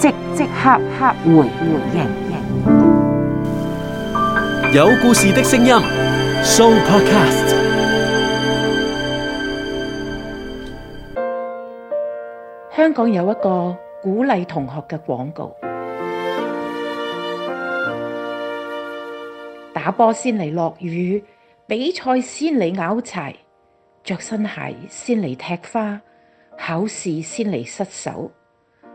即即刻刻，刻回回應，有故事的聲音，Show Podcast。香港有一個鼓勵同學嘅廣告，打波先嚟落雨，比賽先嚟拗柴，着新鞋先嚟踢花，考試先嚟失手。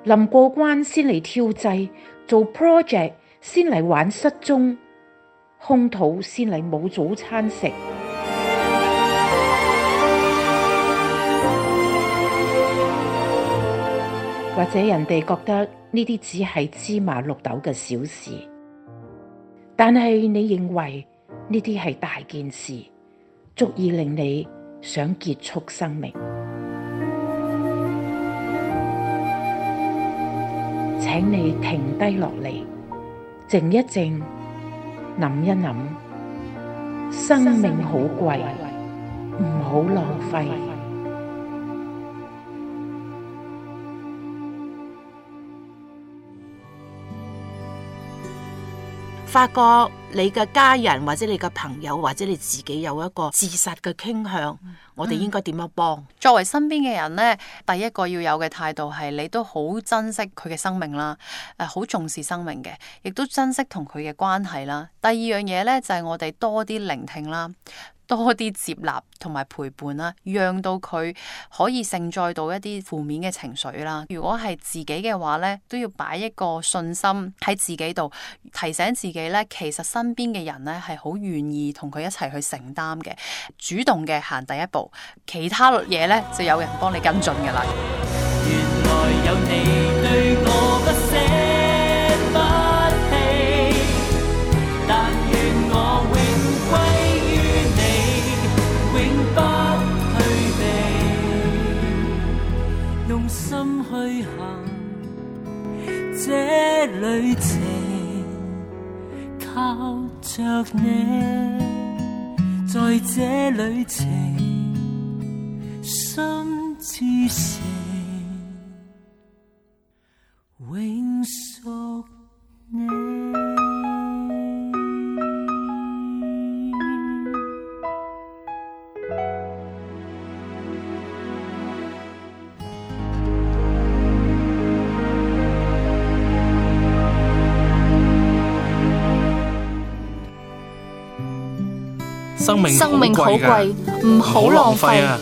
臨過關先嚟跳掣，做 project 先嚟玩失蹤，空肚先嚟冇早餐食， 或者人哋覺得呢啲只係芝麻綠豆嘅小事，但係你認為呢啲係大件事，足以令你想結束生命。請你停低落嚟，靜一靜，諗一諗，生命好貴，唔好浪費。發覺你嘅家人或者你嘅朋友或者你自己有一個自殺嘅傾向，我哋應該點樣幫？嗯、作為身邊嘅人呢，第一個要有嘅態度係你都好珍惜佢嘅生命啦，誒好重視生命嘅，亦都珍惜同佢嘅關係啦。第二樣嘢呢，就係、是、我哋多啲聆聽啦。多啲接納同埋陪伴啦，讓到佢可以承載到一啲負面嘅情緒啦。如果係自己嘅話呢，都要擺一個信心喺自己度，提醒自己呢，其實身邊嘅人呢係好願意同佢一齊去承擔嘅，主動嘅行第一步，其他嘢呢就有人幫你跟進㗎喇。原來有你旅行這旅程，靠着你，在這旅程心至誠。生命好貴，唔好浪費啊。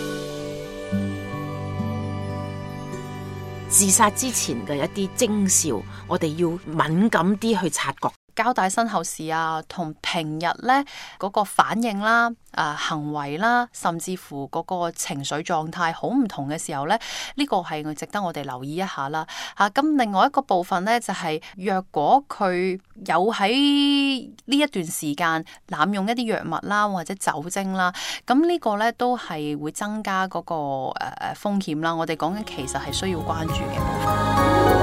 自殺之前嘅一啲徵兆，我哋要敏感啲去察覺。交代身後事啊，同平日咧嗰、那個反應啦、啊、呃、行為啦，甚至乎嗰個情緒狀態好唔同嘅時候咧，呢、這個係值得我哋留意一下啦。吓、啊，咁另外一個部分咧，就係、是、若果佢有喺呢一段時間濫用一啲藥物啦或者酒精啦，咁呢個咧都係會增加嗰、那個誒誒、呃、風險啦。我哋講緊其實係需要關注嘅。部分。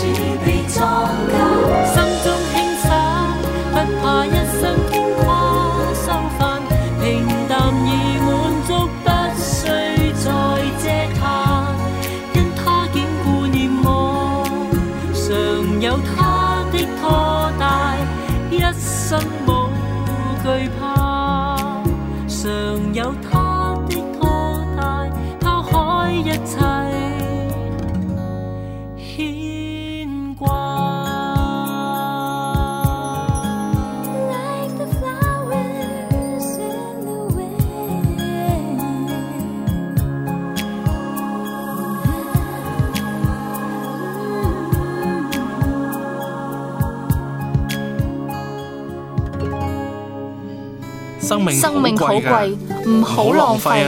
生命好貴，唔好浪費。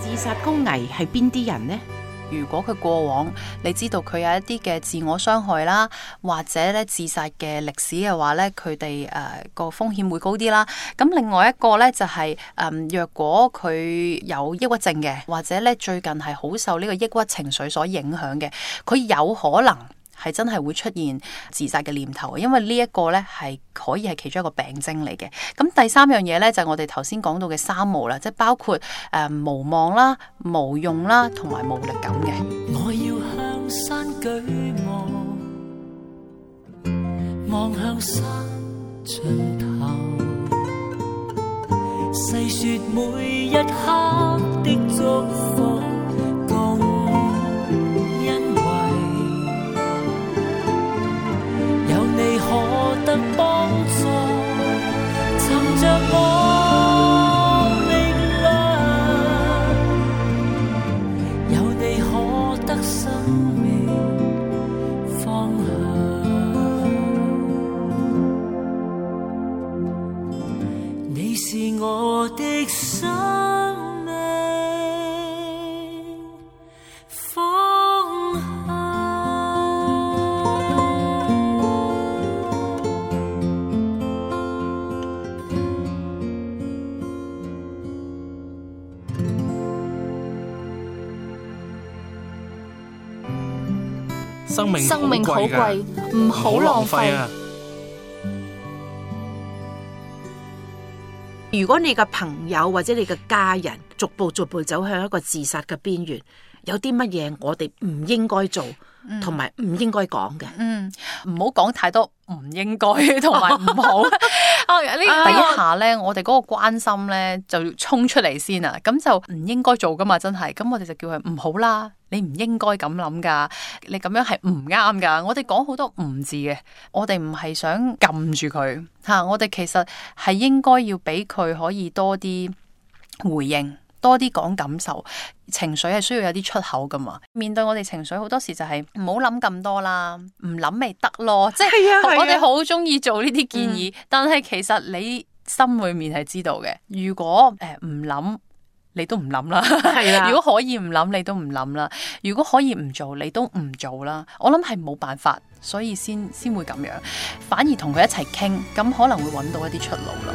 自殺高危係邊啲人呢？如果佢過往你知道佢有一啲嘅自我傷害啦，或者咧自殺嘅歷史嘅話咧，佢哋誒個風險會高啲啦。咁另外一個咧就係誒，若果佢有抑鬱症嘅，或者咧最近係好受呢個抑鬱情緒所影響嘅，佢有可能。係真係會出現自殺嘅念頭，因為呢一個呢，係可以係其中一個病徵嚟嘅。咁第三樣嘢呢，就係我哋頭先講到嘅三無啦，即係包括誒、呃、無望啦、無用啦同埋無力感嘅。我要向山舉望，望向山盡頭，細說每一刻的祝福。你是我的生命。生命好貴，唔好浪費啊！如果你嘅朋友或者你嘅家人逐步逐步走向一個自殺嘅邊緣，有啲乜嘢我哋唔應該做，同埋唔應該講嘅，嗯，唔好講太多唔應該同埋唔好。 啊！第一下呢第下咧，我哋嗰個關心咧就要衝出嚟先啦，咁就唔應該做噶嘛，真係，咁我哋就叫佢唔好啦，你唔應該咁諗噶，你咁樣係唔啱噶，我哋講好多唔字嘅，我哋唔係想撳住佢吓，我哋其實係應該要俾佢可以多啲回應。多啲講感受，情緒係需要有啲出口噶嘛？面對我哋情緒，好多時就係唔好諗咁多啦，唔諗咪得咯。即係，啊啊、我哋好中意做呢啲建議，嗯、但係其實你心裏面係知道嘅。如果誒唔諗，你都唔諗啦。係啦，如果可以唔諗，你都唔諗啦。如果可以唔做，你都唔做啦。我諗係冇辦法，所以先先會咁樣，反而同佢一齊傾，咁可能會揾到一啲出路咯。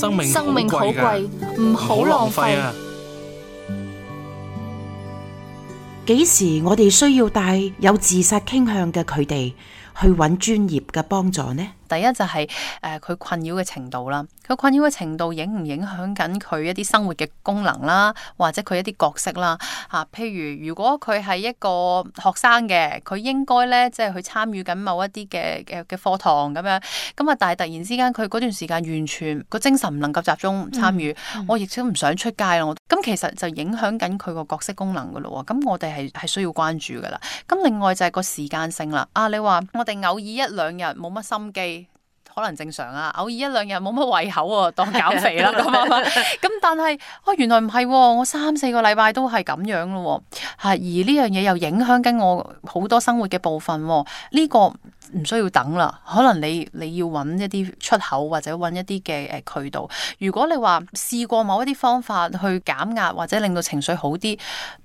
生命好貴，唔好浪費。幾時我哋需要帶有自殺傾向嘅佢哋去揾專業嘅幫助呢？第一就係誒佢困擾嘅程度啦，佢困擾嘅程度影唔影響緊佢一啲生活嘅功能啦，或者佢一啲角色啦嚇、啊。譬如如果佢係一個學生嘅，佢應該咧即係佢參與緊某一啲嘅嘅嘅課堂咁樣，咁啊但係突然之間佢嗰段時間完全個精神唔能夠集中參與，嗯、我亦都唔想出街啦。我咁、嗯、其實就影響緊佢個角色功能噶咯喎。咁我哋係係需要關注噶啦。咁另外就係個時間性啦。啊，你話我哋偶爾一兩日冇乜心機。可能正常啊，偶爾一兩日冇乜胃口啊，當減肥啦咁咁 但係，哇、哦、原來唔係、啊，我三四個禮拜都係咁樣咯、啊，係而呢樣嘢又影響緊我好多生活嘅部分、啊。呢、呢個唔需要等啦，可能你你要揾一啲出口或者揾一啲嘅誒渠道。如果你話試過某一啲方法去減壓或者令到情緒好啲，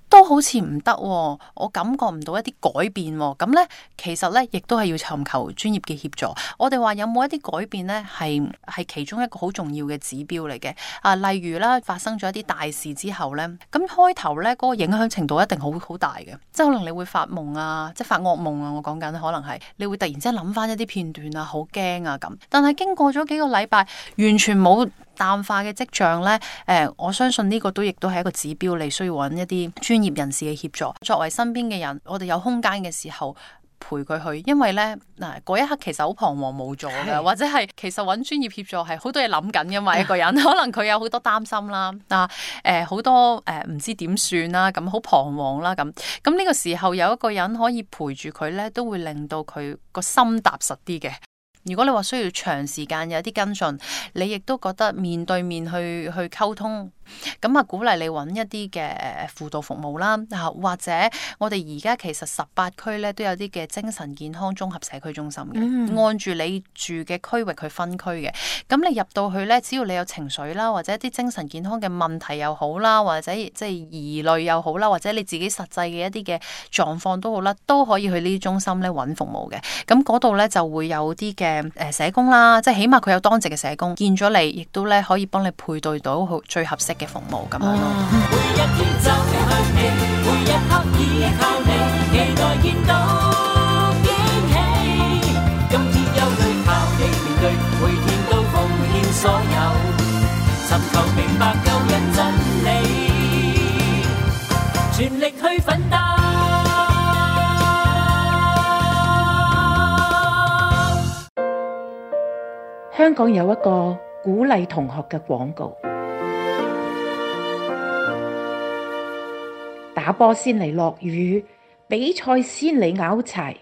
都好似唔得，我感覺唔到一啲改變，哦。咁咧，其實咧亦都係要尋求專業嘅協助。我哋話有冇一啲改變咧，係係其中一個好重要嘅指標嚟嘅。啊，例如啦，發生咗一啲大事之後咧，咁開頭咧嗰個影響程度一定好好大嘅，即係可能你會發夢啊，即係發惡夢啊。我講緊可能係你會突然。然之後諗翻一啲片段啊，好驚啊咁。但係經過咗幾個禮拜，完全冇淡化嘅跡象咧。誒、呃，我相信呢個都亦都係一個指標，你需要揾一啲專業人士嘅協助。作為身邊嘅人，我哋有空間嘅時候。陪佢去，因為呢嗱嗰一刻其實好彷徨無助噶，是或者係其實揾專業協助係好多嘢諗緊噶嘛， 一個人可能佢有好多擔心啦，嗱誒好多誒呃、唔知點算啦，咁好彷徨啦咁，咁呢個時候有一個人可以陪住佢呢，都會令到佢個心踏實啲嘅。如果你話需要長時間有啲跟進，你亦都覺得面對面去去溝通。咁啊，鼓勵你揾一啲嘅誒輔導服務啦，啊或者我哋而家其實十八區咧都有啲嘅精神健康綜合社區中心嘅，嗯、按住你住嘅區域去分區嘅。咁你入到去咧，只要你有情緒啦，或者一啲精神健康嘅問題又好啦，或者即係疑慮又好啦，或者你自己實際嘅一啲嘅狀況都好啦，都可以去呢啲中心咧揾服務嘅。咁嗰度咧就會有啲嘅誒社工啦，即係起碼佢有當值嘅社工，見咗你，亦都咧可以幫你配對到好最合適。嘅服務咁樣咯。每一天就要向你，每一刻依靠你，期待見到驚喜。今天有你靠你面對，每天都奉獻所有，尋求明白救人真理，全力去奮鬥。香港有一個鼓勵同學嘅廣告。打波先嚟落雨，比賽先嚟拗柴，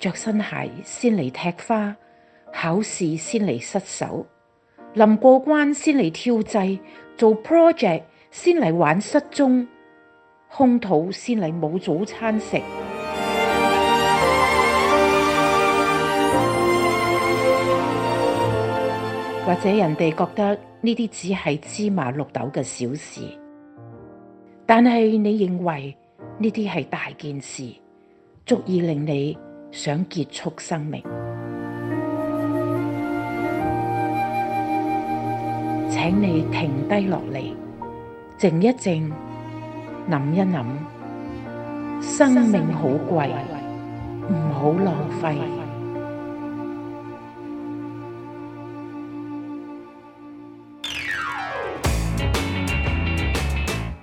着新鞋先嚟踢花，考試先嚟失手，臨過關先嚟跳掣，做 project 先嚟玩失蹤，空肚先嚟冇早餐食， 或者人哋覺得呢啲只係芝麻綠豆嘅小事。但係你認為呢啲係大件事，足以令你想結束生命？請你停低落嚟，靜一靜，諗一諗，生命好貴，唔好浪費。